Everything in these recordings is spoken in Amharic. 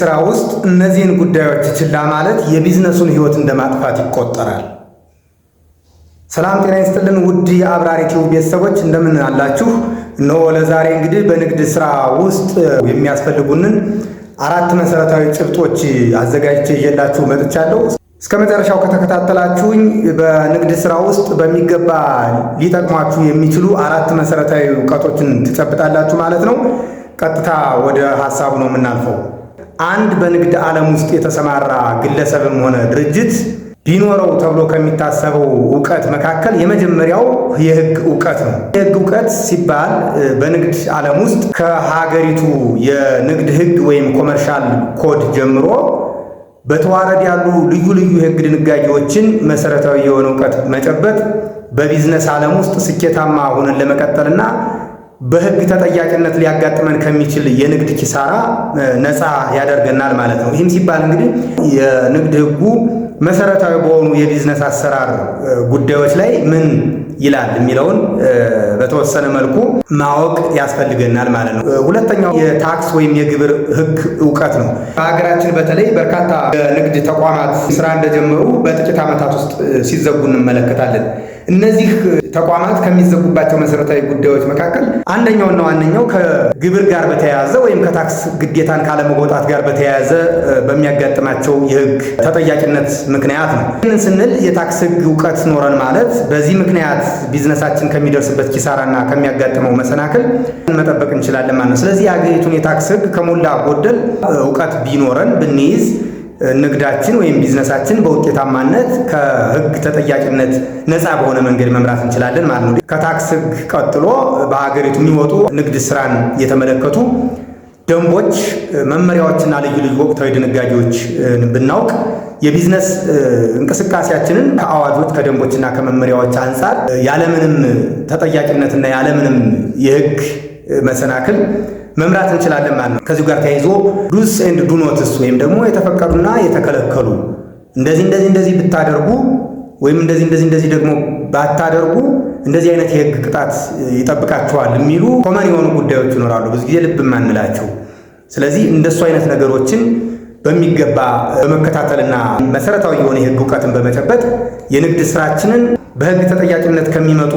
ስራ ውስጥ እነዚህን ጉዳዮች ችላ ማለት የቢዝነሱን ህይወት እንደማጥፋት ይቆጠራል። ሰላም ጤና ይስጥልን ውድ የአብራሪ ቲዩብ ቤተሰቦች እንደምን አላችሁ? እነሆ ለዛሬ እንግዲህ በንግድ ስራ ውስጥ የሚያስፈልጉንን አራት መሰረታዊ ጭብጦች አዘጋጅቼ እየላችሁ መጥቻለሁ። እስከ መጨረሻው ከተከታተላችሁኝ በንግድ ስራ ውስጥ በሚገባ ሊጠቅሟችሁ የሚችሉ አራት መሰረታዊ እውቀቶችን ትጨብጣላችሁ ማለት ነው። ቀጥታ ወደ ሀሳቡ ነው የምናልፈው። አንድ በንግድ ዓለም ውስጥ የተሰማራ ግለሰብም ሆነ ድርጅት ቢኖረው ተብሎ ከሚታሰበው እውቀት መካከል የመጀመሪያው የህግ እውቀት ነው። የህግ እውቀት ሲባል በንግድ ዓለም ውስጥ ከሀገሪቱ የንግድ ህግ ወይም ኮመርሻል ኮድ ጀምሮ በተዋረድ ያሉ ልዩ ልዩ የህግ ድንጋጌዎችን መሰረታዊ የሆነ እውቀት መጨበጥ በቢዝነስ ዓለም ውስጥ ስኬታማ ሆነን ለመቀጠልና በህግ ተጠያቂነት ሊያጋጥመን ከሚችል የንግድ ኪሳራ ነፃ ያደርገናል ማለት ነው። ይህም ሲባል እንግዲህ የንግድ ህጉ። መሰረታዊ በሆኑ የቢዝነስ አሰራር ጉዳዮች ላይ ምን ይላል የሚለውን በተወሰነ መልኩ ማወቅ ያስፈልገናል ማለት ነው። ሁለተኛው የታክስ ወይም የግብር ሕግ እውቀት ነው። በሀገራችን በተለይ በርካታ የንግድ ተቋማት ስራ እንደጀመሩ በጥቂት ዓመታት ውስጥ ሲዘጉ እንመለከታለን። እነዚህ ተቋማት ከሚዘጉባቸው መሰረታዊ ጉዳዮች መካከል አንደኛውና ዋነኛው ከግብር ጋር በተያያዘ ወይም ከታክስ ግዴታን ካለመወጣት ጋር በተያያዘ በሚያጋጥማቸው የህግ ተጠያቂነት ምክንያት ነው። ይህንን ስንል የታክስ ህግ እውቀት ኖረን ማለት በዚህ ምክንያት ቢዝነሳችን ከሚደርስበት ኪሳራና ከሚያጋጥመው መሰናክል መጠበቅ እንችላለን ማለት ነው። ስለዚህ የሀገሪቱን የታክስ ህግ ከሞላ ጎደል እውቀት ቢኖረን ብንይዝ ንግዳችን ወይም ቢዝነሳችን በውጤታማነት ከህግ ተጠያቂነት ነፃ በሆነ መንገድ መምራት እንችላለን ማለት ነው። ከታክስ ህግ ቀጥሎ በሀገሪቱ የሚወጡ ንግድ ስራን የተመለከቱ ደንቦች፣ መመሪያዎችና ልዩ ልዩ ወቅታዊ ድንጋጌዎች ብናውቅ የቢዝነስ እንቅስቃሴያችንን ከአዋጆች ከደንቦችና ከመመሪያዎች አንጻር ያለምንም ተጠያቂነትና ያለምንም የህግ መሰናክል መምራት እንችላለን ማለት ነው። ከዚሁ ጋር ተያይዞ ዱስ ኤንድ ዱኖትስ ወይም ደግሞ የተፈቀዱና የተከለከሉ እንደዚህ እንደዚህ እንደዚህ ብታደርጉ ወይም እንደዚህ እንደዚህ እንደዚህ ደግሞ ባታደርጉ እንደዚህ አይነት የህግ ቅጣት ይጠብቃችኋል የሚሉ ኮመን የሆኑ ጉዳዮች ይኖራሉ። ብዙ ጊዜ ልብ የማንላቸው ስለዚህ እንደሱ አይነት ነገሮችን በሚገባ በመከታተልና መሰረታዊ የሆነ የህግ እውቀትን በመጨበጥ የንግድ ስራችንን በህግ ተጠያቂነት ከሚመጡ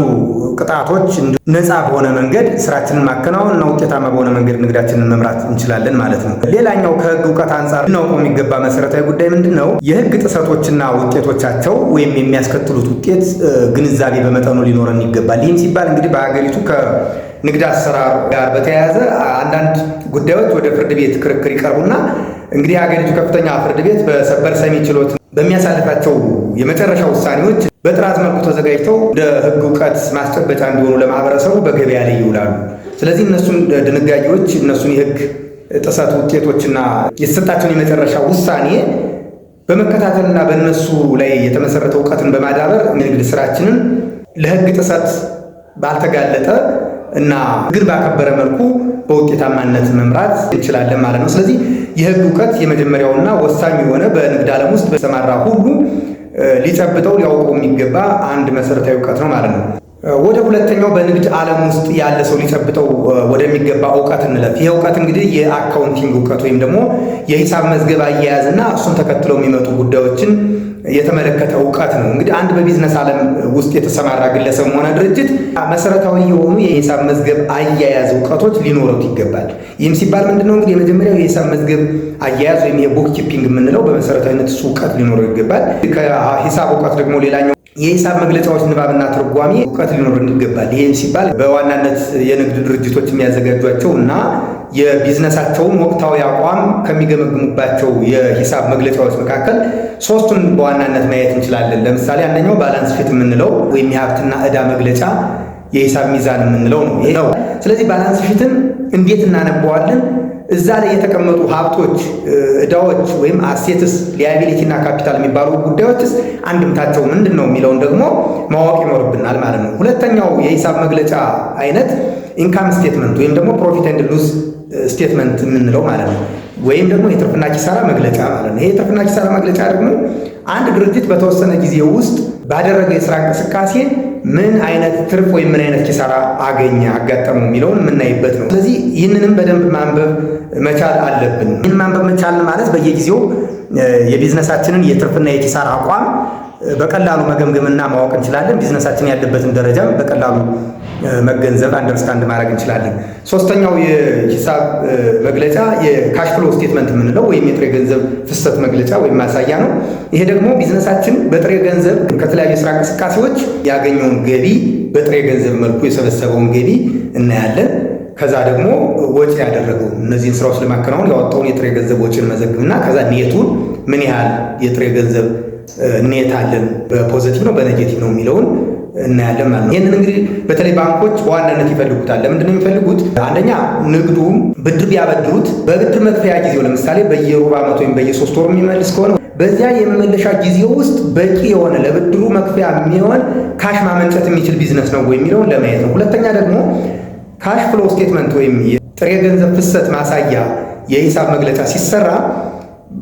ቅጣቶች ነፃ በሆነ መንገድ ስራችንን ማከናወን እና ውጤታማ በሆነ መንገድ ንግዳችንን መምራት እንችላለን ማለት ነው። ሌላኛው ከህግ እውቀት አንጻር ልናውቀው የሚገባ መሰረታዊ ጉዳይ ምንድን ነው? የህግ ጥሰቶችና ውጤቶቻቸው ወይም የሚያስከትሉት ውጤት ግንዛቤ በመጠኑ ሊኖረን ይገባል። ይህም ሲባል እንግዲህ በሀገሪቱ ንግድ አሰራር ጋር በተያያዘ አንዳንድ ጉዳዮች ወደ ፍርድ ቤት ክርክር ይቀርቡና እንግዲህ የሀገሪቱ ከፍተኛ ፍርድ ቤት በሰበር ሰሚ ችሎት በሚያሳልፋቸው የመጨረሻ ውሳኔዎች በጥራት መልኩ ተዘጋጅተው እንደ ሕግ እውቀት ማስጨበጫ እንዲሆኑ ለማህበረሰቡ በገበያ ላይ ይውላሉ። ስለዚህ እነሱን ድንጋጌዎች፣ እነሱን የሕግ ጥሰት ውጤቶችና የተሰጣቸውን የመጨረሻ ውሳኔ በመከታተልና በእነሱ ላይ የተመሰረተ እውቀትን በማዳበር ንግድ ስራችንን ለሕግ ጥሰት ባልተጋለጠ እና ህግን ባከበረ መልኩ በውጤታማነት መምራት እንችላለን ማለት ነው። ስለዚህ የህግ እውቀት የመጀመሪያውና ወሳኝ የሆነ በንግድ ዓለም ውስጥ በተሰማራ ሁሉ ሊጨብጠው ሊያውቀው የሚገባ አንድ መሰረታዊ እውቀት ነው ማለት ነው። ወደ ሁለተኛው በንግድ ዓለም ውስጥ ያለ ሰው ሊጨብጠው ወደሚገባ እውቀት እንለፍ። ይህ እውቀት እንግዲህ የአካውንቲንግ እውቀት ወይም ደግሞ የሂሳብ መዝገብ አያያዝና እሱን ተከትለው የሚመጡ ጉዳዮችን የተመለከተ እውቀት ነው። እንግዲህ አንድ በቢዝነስ ዓለም ውስጥ የተሰማራ ግለሰብ ሆነ ድርጅት መሰረታዊ የሆኑ የሂሳብ መዝገብ አያያዝ እውቀቶች ሊኖሩት ይገባል። ይህም ሲባል ምንድን ነው እንግዲህ የመጀመሪያው የሂሳብ መዝገብ አያያዝ ወይም የቡክ ኪፒንግ የምንለው በመሰረታዊነት እሱ እውቀት ሊኖረው ይገባል። ከሂሳብ እውቀት ደግሞ ሌላኛው የሂሳብ መግለጫዎች ንባብና ትርጓሜ እውቀት ሊኖር ይገባል። ይህም ሲባል በዋናነት የንግድ ድርጅቶች የሚያዘጋጇቸው እና የቢዝነሳቸውን ወቅታዊ አቋም ከሚገመግሙባቸው የሂሳብ መግለጫዎች መካከል ሶስቱን በዋናነት ማየት እንችላለን። ለምሳሌ አንደኛው ባላንስ ፊት የምንለው ወይም የሀብትና ዕዳ መግለጫ የሂሳብ ሚዛን የምንለው ነው። ስለዚህ ባላንስ ፊትን እንዴት እናነበዋለን? እዛ ላይ የተቀመጡ ሀብቶች፣ ዕዳዎች ወይም አሴትስ ሊያቢሊቲ እና ካፒታል የሚባሉ ጉዳዮችስ አንድምታቸው ምንድን ነው የሚለውን ደግሞ ማወቅ ይኖርብናል ማለት ነው። ሁለተኛው የሂሳብ መግለጫ አይነት ኢንካም ስቴትመንት ወይም ደግሞ ፕሮፊት ኤንድ ሉስ ስቴትመንት የምንለው ማለት ነው። ወይም ደግሞ የትርፍና ኪሳራ መግለጫ ማለት ነው። ይሄ የትርፍና ኪሳራ መግለጫ ደግሞ አንድ ድርጅት በተወሰነ ጊዜ ውስጥ ባደረገ የስራ እንቅስቃሴ ምን አይነት ትርፍ ወይም ምን አይነት ኪሳራ አገኘ አጋጠሙ የሚለውን የምናይበት ነው። ስለዚህ ይህንንም በደንብ ማንበብ መቻል አለብን። ይህን ማንበብ መቻል ማለት በየጊዜው የቢዝነሳችንን የትርፍና የኪሳራ አቋም በቀላሉ መገምገምና ማወቅ እንችላለን። ቢዝነሳችን ያለበትን ደረጃ? በቀላሉ መገንዘብ አንደርስታንድ ማድረግ እንችላለን። ሶስተኛው የሂሳብ መግለጫ ፍሎ ስቴትመንት የምንለው ወይም የጥሬ ገንዘብ ፍሰት መግለጫ ወይም ማሳያ ነው። ይሄ ደግሞ ቢዝነሳችን በጥሬ ገንዘብ ከተለያዩ የስራ እንቅስቃሴዎች ያገኘውን ገቢ በጥሬ ገንዘብ መልኩ የሰበሰበውን ገቢ እናያለን። ከዛ ደግሞ ወጪ ያደረገው እነዚህን ስራዎች ለማከናወን ያወጣውን የጥሬ ገንዘብ ወጪን መዘግብና ከዛ ኔቱን ምን ያህል የጥሬ ገንዘብ ኔት አለን፣ በፖዘቲቭ ነው በኔጌቲቭ ነው የሚለውን እናያለን ማለት ነው። ይህንን እንግዲህ በተለይ ባንኮች በዋናነት ይፈልጉታል። ለምንድን ነው የሚፈልጉት? አንደኛ ንግዱም ብድር ቢያበድሩት በብድር መክፈያ ጊዜው ለምሳሌ በየሩብ ዓመት ወይም በየሶስት ወር የሚመልስ ከሆነ በዚያ የመመለሻ ጊዜ ውስጥ በቂ የሆነ ለብድሩ መክፈያ የሚሆን ካሽ ማመንጨት የሚችል ቢዝነስ ነው የሚለውን ለማየት ነው። ሁለተኛ ደግሞ ካሽ ፍሎ ስቴትመንት ወይም ጥሬ ገንዘብ ፍሰት ማሳያ የሂሳብ መግለጫ ሲሰራ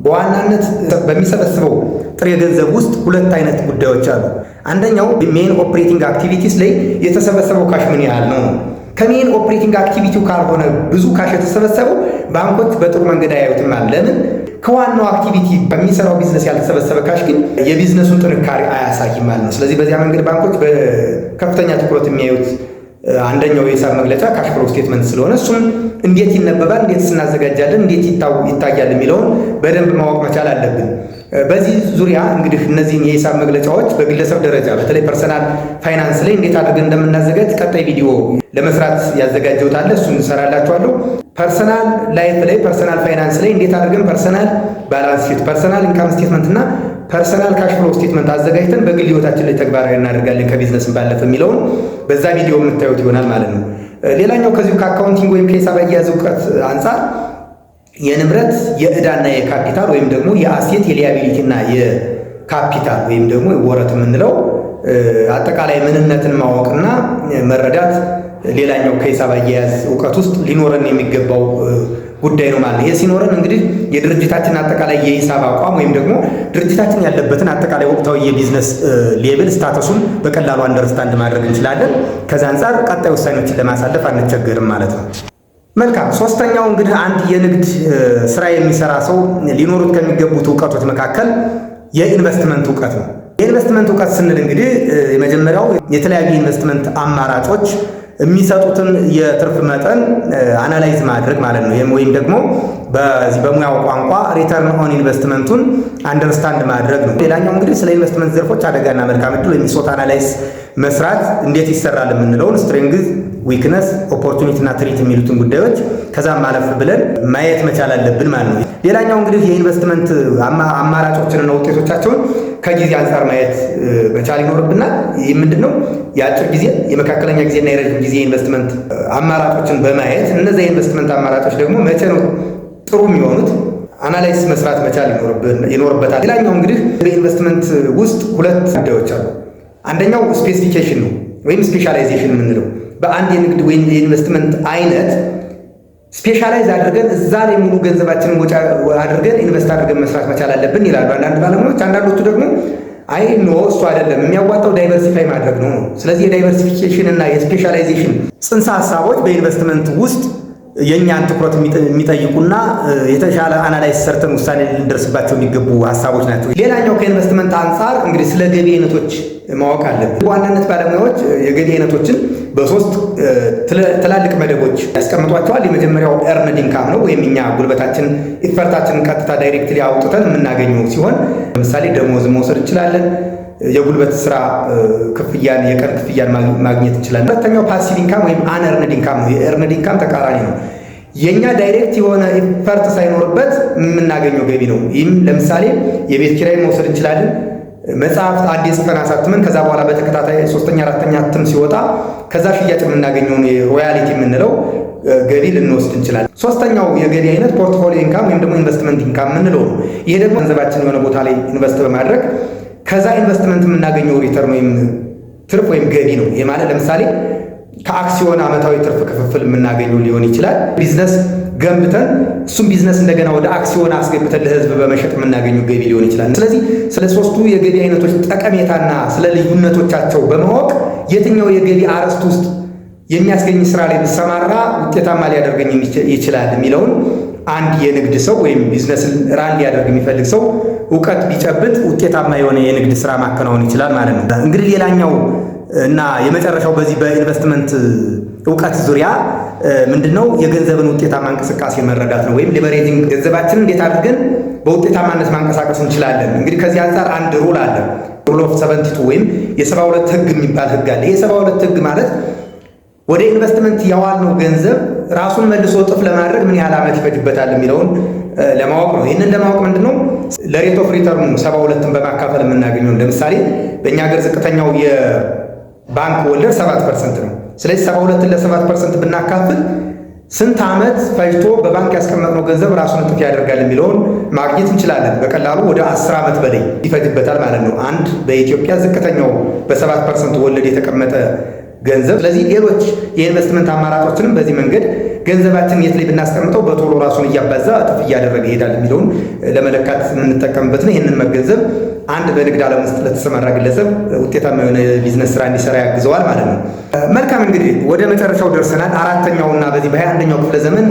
በዋናነት በሚሰበስበው ጥሬ ገንዘብ ውስጥ ሁለት አይነት ጉዳዮች አሉ። አንደኛው ሜን ኦፕሬቲንግ አክቲቪቲስ ላይ የተሰበሰበው ካሽ ምን ያህል ነው ከሜን ኦፕሬቲንግ አክቲቪቲው ካልሆነ ብዙ ካሽ የተሰበሰበው ባንኮች በጥሩ መንገድ አያዩትም። ለምን? ከዋናው አክቲቪቲ በሚሰራው ቢዝነስ ያልተሰበሰበ ካሽ ግን የቢዝነሱን ጥንካሬ አያሳይም ማለት ነው። ስለዚህ በዚያ መንገድ ባንኮች በከፍተኛ ትኩረት የሚያዩት አንደኛው የሂሳብ መግለጫ ካሽ ፍሎ ስቴትመንት ስለሆነ እሱም እንዴት ይነበባል፣ እንዴት ስናዘጋጃለን፣ እንዴት ይታያል የሚለውን በደንብ ማወቅ መቻል አለብን። በዚህ ዙሪያ እንግዲህ እነዚህን የሂሳብ መግለጫዎች በግለሰብ ደረጃ በተለይ ፐርሰናል ፋይናንስ ላይ እንዴት አድርገን እንደምናዘጋጅ ቀጣይ ቪዲዮ ለመስራት ያዘጋጀሁት አለ። እሱን እንሰራላችኋለሁ። ፐርሰናል ላይፍ ላይ ፐርሰናል ፋይናንስ ላይ እንዴት አድርገን ፐርሰናል ባላንስ ሺት፣ ፐርሰናል ኢንካም ስቴትመንት እና ፐርሰናል ካሽ ፍሎ ስቴትመንት አዘጋጅተን በግል ህይወታችን ላይ ተግባራዊ እናደርጋለን ከቢዝነስም ባለፈ የሚለውን በዛ ቪዲዮ የምታዩት ይሆናል ማለት ነው። ሌላኛው ከዚሁ ከአካውንቲንግ ወይም ከሂሳብ አያያዝ እውቀት አንጻር የንብረት የእዳና የካፒታል ወይም ደግሞ የአሴት የሊያቢሊቲና የካፒታል ወይም ደግሞ ወረት የምንለው አጠቃላይ ምንነትን ማወቅና መረዳት ሌላኛው ከሂሳብ አያያዝ እውቀት ውስጥ ሊኖረን የሚገባው ጉዳይ ነው ማለት ይሄ ሲኖረን እንግዲህ የድርጅታችን አጠቃላይ የሂሳብ አቋም ወይም ደግሞ ድርጅታችን ያለበትን አጠቃላይ ወቅታዊ የቢዝነስ ሌብል ስታተሱን በቀላሉ አንደርስታንድ ማድረግ እንችላለን። ከዚ አንጻር ቀጣይ ውሳኔዎችን ለማሳለፍ አንቸገርም ማለት ነው። መልካም። ሶስተኛው እንግዲህ አንድ የንግድ ስራ የሚሰራ ሰው ሊኖሩት ከሚገቡት እውቀቶች መካከል የኢንቨስትመንት እውቀት ነው። የኢንቨስትመንት እውቀት ስንል እንግዲህ የመጀመሪያው የተለያዩ ኢንቨስትመንት አማራጮች የሚሰጡትን የትርፍ መጠን አናላይዝ eh, ማድረግ ማለት ነው። ወይም ደግሞ በዚህ በሙያው ቋንቋ ሪተርን ኦን ኢንቨስትመንቱን አንደርስታንድ ማድረግ ነው። ሌላኛው እንግዲህ ስለ ኢንቨስትመንት ዘርፎች አደጋና መልካም ዕድል ወይም ሶት አናላይዝ መስራት እንዴት ይሰራል የምንለውን ስትሬንግዝ፣ ዊክነስ፣ ኦፖርቹኒቲ እና ትሪት የሚሉትን ጉዳዮች ከዛም ማለፍ ብለን ማየት መቻል አለብን ማለት ነው። ሌላኛው እንግዲህ የኢንቨስትመንት አማራጮችንና ውጤቶቻቸውን ከጊዜ አንጻር ማየት መቻል ይኖርብናል። ይህ ምንድን ነው? የአጭር ጊዜ የመካከለኛ ጊዜና የረጅም ጊዜ ኢንቨስትመንት አማራጮችን በማየት እነዚያ የኢንቨስትመንት አማራጮች ደግሞ መቼ ነው ጥሩ የሚሆኑት አናላይስ መስራት መቻል ይኖርበታል። ሌላኛው እንግዲህ በኢንቨስትመንት ውስጥ ሁለት ጉዳዮች አሉ። አንደኛው ስፔሲፊኬሽን ነው ወይም ስፔሻላይዜሽን የምንለው በአንድ የንግድ ወይም የኢንቨስትመንት አይነት ስፔሻላይዝ አድርገን እዛ ላይ ሙሉ ገንዘባችንን ወጪ አድርገን ኢንቨስት አድርገን መስራት መቻል አለብን ይላሉ አንዳንድ ባለሙያዎች። አንዳንዶቹ ደግሞ አይ ኖ እሱ አይደለም የሚያዋጣው ዳይቨርሲፋይ ማድረግ ነው ስለዚህ የዳይቨርሲፊኬሽን እና የስፔሻላይዜሽን ጽንሰ ሀሳቦች በኢንቨስትመንት ውስጥ የእኛን ትኩረት የሚጠይቁና የተሻለ አናላይስ ሰርተን ውሳኔ ልንደርስባቸው የሚገቡ ሀሳቦች ናቸው። ሌላኛው ከኢንቨስትመንት አንጻር እንግዲህ ስለ ገቢ አይነቶች ማወቅ አለብን። በዋናነት ባለሙያዎች የገቢ አይነቶችን በሶስት ትላልቅ መደቦች ያስቀምጧቸዋል። የመጀመሪያው ኤርን ኢንካም ነው ወይም እኛ ጉልበታችን ኢፈርታችንን ቀጥታ ዳይሬክትሊ አውጥተን የምናገኘው ሲሆን ለምሳሌ ደሞዝ መውሰድ እንችላለን። የጉልበት ስራ ክፍያን፣ የቀን ክፍያን ማግኘት እንችላለን። ሁለተኛው ፓሲቭ ኢንካም ወይም አንኤርንድ ኢንካም ነው። የኤርንድ ኢንካም ተቃራኒ ነው። የእኛ ዳይሬክት የሆነ ኢፈርት ሳይኖርበት የምናገኘው ገቢ ነው። ይህም ለምሳሌ የቤት ኪራይ መውሰድ እንችላለን። መጽሐፍት አዲስ ጽፈን አሳትመን ከዛ በኋላ በተከታታይ ሶስተኛ አራተኛ እትም ሲወጣ ከዛ ሽያጭ የምናገኘውን ሮያሊቲ የምንለው ገቢ ልንወስድ እንችላለን። ሶስተኛው የገቢ አይነት ፖርትፎሊዮ ኢንካም ወይም ደግሞ ኢንቨስትመንት ኢንካም የምንለው ነው። ይሄ ደግሞ ገንዘባችን የሆነ ቦታ ላይ ኢንቨስት በማድረግ ከዛ ኢንቨስትመንት የምናገኘው ሪተርን ወይም ትርፍ ወይም ገቢ ነው። ይሄ ማለት ለምሳሌ ከአክሲዮን ዓመታዊ ትርፍ ክፍፍል የምናገኘው ሊሆን ይችላል። ቢዝነስ ገንብተን እሱም ቢዝነስ እንደገና ወደ አክሲዮን አስገብተን ለህዝብ በመሸጥ የምናገኙ ገቢ ሊሆን ይችላል። ስለዚህ ስለ ሶስቱ የገቢ አይነቶች ጠቀሜታና ስለ ልዩነቶቻቸው በማወቅ የትኛው የገቢ አርዕስት ውስጥ የሚያስገኝ ስራ ላይ ብሰማራ ውጤታማ ሊያደርገኝ ይችላል የሚለውን አንድ የንግድ ሰው ወይም ቢዝነስ ራን ሊያደርግ የሚፈልግ ሰው እውቀት ቢጨብጥ ውጤታማ የሆነ የንግድ ስራ ማከናወን ይችላል ማለት ነው። እንግዲህ ሌላኛው እና የመጨረሻው በዚህ በኢንቨስትመንት እውቀት ዙሪያ ምንድነው የገንዘብን ውጤታማ እንቅስቃሴ መረዳት ነው፣ ወይም ሊበሬቲንግ ገንዘባችንን እንዴት አድርገን በውጤታማነት ማንቀሳቀስ እንችላለን። እንግዲህ ከዚህ አንጻር አንድ ሩል አለ፣ ሩል ኦፍ ሰቨንቲቱ ወይም የሰባ ሁለት ህግ የሚባል ህግ አለ። የሰባ ሁለት ህግ ማለት ወደ ኢንቨስትመንት ያዋልነው ገንዘብ ራሱን መልሶ እጥፍ ለማድረግ ምን ያህል ዓመት ይፈጅበታል የሚለውን ለማወቅ ነው። ይህንን ለማወቅ ምንድነው ለሬት ኦፍ ሪተርኑ ሰባ ሁለትን በማካፈል የምናገኘው። ለምሳሌ በእኛ ሀገር ዝቅተኛው ባንክ ወለድ 7 ፐርሰንት ነው። ስለዚህ 72 ለ7 ፐርሰንት ብናካፍል ስንት ዓመት ፈጅቶ በባንክ ያስቀመጥነው ገንዘብ ራሱን እጥፍ ያደርጋል የሚለውን ማግኘት እንችላለን። በቀላሉ ወደ 10 ዓመት በላይ ይፈጅበታል ማለት ነው። አንድ በኢትዮጵያ ዝቅተኛው በ7 ፐርሰንት ወለድ የተቀመጠ ገንዘብ። ስለዚህ ሌሎች የኢንቨስትመንት አማራጮችንም በዚህ መንገድ ገንዘባችን የት ላይ ብናስቀምጠው በቶሎ ራሱን እያባዛ እጥፍ እያደረገ ይሄዳል የሚለውን ለመለካት የምንጠቀምበት ነው። ይህንን መገንዘብ አንድ በንግድ ዓለም ውስጥ ለተሰማራ ግለሰብ ውጤታማ የሆነ ቢዝነስ ስራ እንዲሰራ ያግዘዋል ማለት ነው። መልካም እንግዲህ ወደ መጨረሻው ደርሰናል። አራተኛውና በዚህ በሀያ አንደኛው ክፍለ ዘመን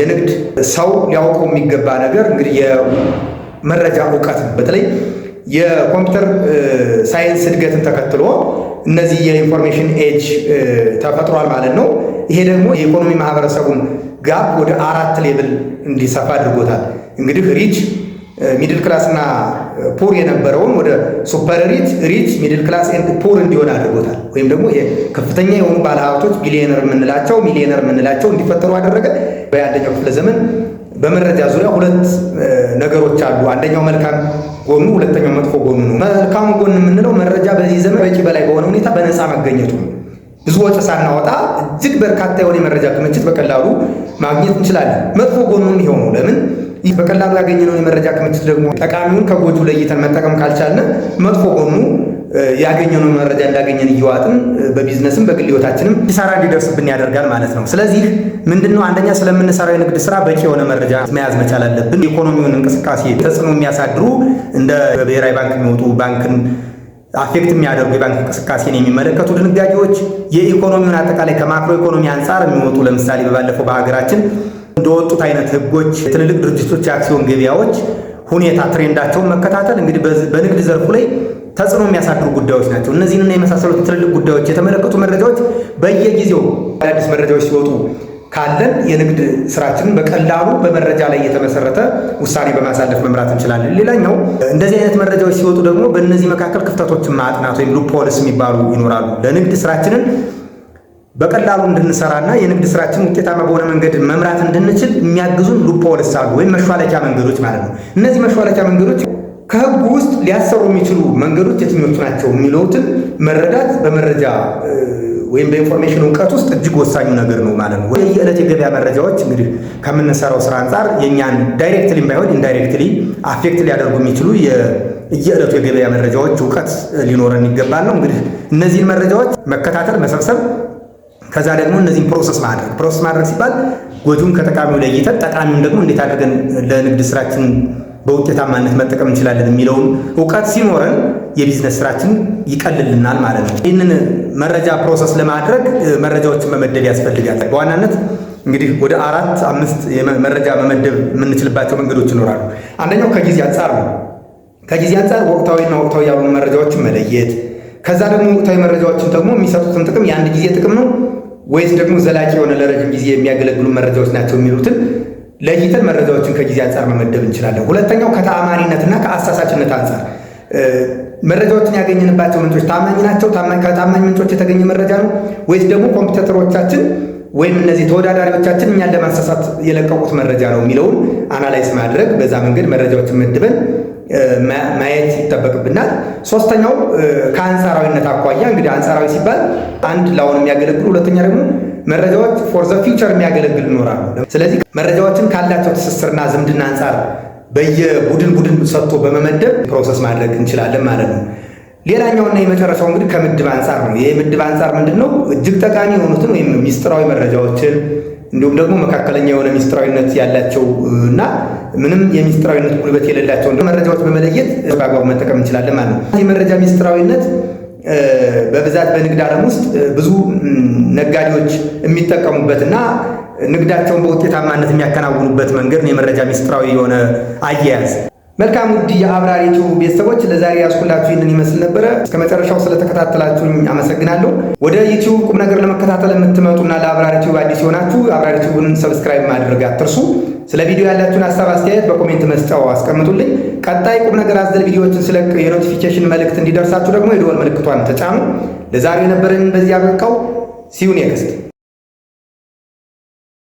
የንግድ ሰው ሊያውቀው የሚገባ ነገር እንግዲህ የመረጃ እውቀት በተለይ የኮምፒውተር ሳይንስ እድገትን ተከትሎ እነዚህ የኢንፎርሜሽን ኤጅ ተፈጥሯል ማለት ነው። ይሄ ደግሞ የኢኮኖሚ ማህበረሰቡን ጋፕ ወደ አራት ሌብል እንዲሰፋ አድርጎታል። እንግዲህ ሪች ሚድል እና ፑር የነበረውን ወደ ሱፐር ሪች፣ ሪች ሚድል ክላስ ኤንድ ፑር እንዲሆን አድርጎታል። ወይም ደግሞ ከፍተኛ የሆኑ ባለሀብቶች ቢሊዮነር የምንላቸው ሚሊዮነር የምንላቸው እንዲፈጠሩ አደረገ። በአንደኛው ክፍለ ዘመን በመረጃ ዙሪያ ሁለት ነገሮች አሉ። አንደኛው መልካም ጎኑ ሁለተኛው መጥፎ ጎኑ ነው። መልካም ጎን የምንለው መረጃ በዚህ ዘመን በቂ በላይ በሆነ ሁኔታ በነፃ መገኘቱ ነው። ብዙ ወጪ ሳናወጣ እጅግ በርካታ የሆነ የመረጃ ክምችት በቀላሉ ማግኘት እንችላለን። መጥፎ ጎኑም ይኸው ነው። ለምን ይህ በቀላሉ ያገኘነውን የመረጃ ክምችት ደግሞ ጠቃሚውን ከጎጁ ለይተን መጠቀም ካልቻልን መጥፎ ጎኑ ያገኘነው መረጃ እንዳገኘን እየዋጥን በቢዝነስም በግል ህይወታችንም ኪሳራ እንዲደርስብን ያደርጋል ማለት ነው። ስለዚህ ምንድነው አንደኛ ስለምንሰራው የንግድ ስራ በቂ የሆነ መረጃ መያዝ መቻል አለብን። የኢኮኖሚውን እንቅስቃሴ ተጽዕኖ የሚያሳድሩ እንደ ብሔራዊ ባንክ የሚወጡ ባንክን አፌክት የሚያደርጉ የባንክ እንቅስቃሴን የሚመለከቱ ድንጋጌዎች፣ የኢኮኖሚውን አጠቃላይ ከማክሮ ኢኮኖሚ አንጻር የሚወጡ ለምሳሌ በባለፈው በሀገራችን እንደወጡት አይነት ህጎች ትልልቅ ድርጅቶች የአክሲዮን ገበያዎች ሁኔታ ትሬንዳቸውን መከታተል እንግዲህ በንግድ ዘርፉ ላይ ተጽዕኖ የሚያሳድሩ ጉዳዮች ናቸው። እነዚህንና የመሳሰሉት ትልልቅ ጉዳዮች የተመለከቱ መረጃዎች በየጊዜው አዳዲስ መረጃዎች ሲወጡ ካለን የንግድ ስራችንን በቀላሉ በመረጃ ላይ የተመሰረተ ውሳኔ በማሳለፍ መምራት እንችላለን። ሌላኛው እንደዚህ አይነት መረጃዎች ሲወጡ ደግሞ በእነዚህ መካከል ክፍተቶችን ማጥናት ወይም ሉፕሆልስ የሚባሉ ይኖራሉ። ለንግድ ስራችንን በቀላሉ እንድንሰራና የንግድ ስራችን ውጤታማ በሆነ መንገድ መምራት እንድንችል የሚያግዙን ሉፖልስ አሉ ወይም መሿለኪያ መንገዶች ማለት ነው። እነዚህ መሿለኪያ መንገዶች ከህጉ ውስጥ ሊያሰሩ የሚችሉ መንገዶች የትኞቹ ናቸው የሚለውትን መረዳት በመረጃ ወይም በኢንፎርሜሽን እውቀት ውስጥ እጅግ ወሳኙ ነገር ነው ማለት ነው። የየዕለት የገበያ መረጃዎች እንግዲህ ከምንሰራው ስራ አንጻር የእኛን ዳይሬክትሊ ባይሆን ኢንዳይሬክትሊ አፌክት ሊያደርጉ የሚችሉ የየዕለቱ የገበያ መረጃዎች እውቀት ሊኖረን ይገባል ነው። እንግዲህ እነዚህን መረጃዎች መከታተል፣ መሰብሰብ ከዛ ደግሞ እነዚህን ፕሮሰስ ማድረግ ፕሮሰስ ማድረግ ሲባል ጎጁን ከጠቃሚው ለይተን ጠቃሚውን ደግሞ እንዴት አድርገን ለንግድ ስራችን በውጤታማነት መጠቀም እንችላለን የሚለውን እውቀት ሲኖረን የቢዝነስ ስራችን ይቀልልናል ማለት ነው። ይህንን መረጃ ፕሮሰስ ለማድረግ መረጃዎችን መመደብ ያስፈልጋል። በዋናነት እንግዲህ ወደ አራት አምስት መረጃ መመደብ የምንችልባቸው መንገዶች ይኖራሉ። አንደኛው ከጊዜ አንጻር ነው። ከጊዜ አንጻር ወቅታዊና ወቅታዊ ያሉ መረጃዎችን መለየት፣ ከዛ ደግሞ ወቅታዊ መረጃዎችን ደግሞ የሚሰጡትን ጥቅም የአንድ ጊዜ ጥቅም ነው ወይስ ደግሞ ዘላቂ የሆነ ለረጅም ጊዜ የሚያገለግሉ መረጃዎች ናቸው የሚሉትን ለይተን መረጃዎችን ከጊዜ አንጻር መመደብ እንችላለን። ሁለተኛው ከተአማኒነትና ከአሳሳችነት አንጻር መረጃዎችን ያገኘንባቸው ምንጮች ታማኝ ናቸው፣ ከታማኝ ምንጮች የተገኘ መረጃ ነው ወይስ ደግሞ ኮምፒውተሮቻችን ወይም እነዚህ ተወዳዳሪዎቻችን እኛን ለማሳሳት የለቀቁት መረጃ ነው የሚለውን አናላይስ ማድረግ፣ በዛ መንገድ መረጃዎችን መድበን ማየት ይጠበቅብናል። ሶስተኛው ከአንጻራዊነት አኳያ እንግዲህ አንጻራዊ ሲባል አንድ ለአሁን የሚያገለግሉ ሁለተኛ ደግሞ መረጃዎች ፎር ዘ የሚያገለግል ይኖራሉ። ስለዚህ መረጃዎችን ካላቸው ትስስርና ዝምድና አንጻር በየቡድን ቡድን ሰጥቶ በመመደብ ፕሮሰስ ማድረግ እንችላለን ማለት ነው። ሌላኛውና የመጨረሻው እንግዲህ ከምድብ አንጻር ነው። ይህ ምድብ አንጻር ምንድን ነው? እጅግ ጠቃሚ የሆኑትን ወይም ሚስጥራዊ መረጃዎችን እንዲሁም ደግሞ መካከለኛ የሆነ ሚስጥራዊነት ያላቸው እና ምንም የሚስጥራዊነት ጉልበት የሌላቸው መረጃዎች በመለየት በአግባቡ መጠቀም እንችላለን ማለት ነው። የመረጃ ሚስጥራዊነት በብዛት በንግድ ዓለም ውስጥ ብዙ ነጋዴዎች የሚጠቀሙበት እና ንግዳቸውን በውጤታማነት የሚያከናውኑበት መንገድ የመረጃ ሚስጥራዊ የሆነ አያያዝ። መልካም ውድ የአብራሪቱ ቤተሰቦች ለዛሬ ያስኩላችሁ ይህንን ይመስል ነበረ። እስከ መጨረሻው ስለተከታተላችሁኝ አመሰግናለሁ። ወደ ዩቲዩብ ቁም ነገር ለመከታተል የምትመጡና ለአብራሪቱ አዲስ የሆናችሁ አብራሪቱን ሰብስክራይብ ማድረግ አትርሱ። ስለ ቪዲዮ ያላችሁን ሀሳብ አስተያየት በኮሜንት መስጫው አስቀምጡልኝ። ቀጣይ ቁም ነገር አዘል ቪዲዮዎችን ስለቅ የኖቲፊኬሽን መልእክት እንዲደርሳችሁ ደግሞ የደወል ምልክቷን ተጫኑ። ለዛሬው የነበረን በዚህ አበቃው። ሲዩ ኔክስት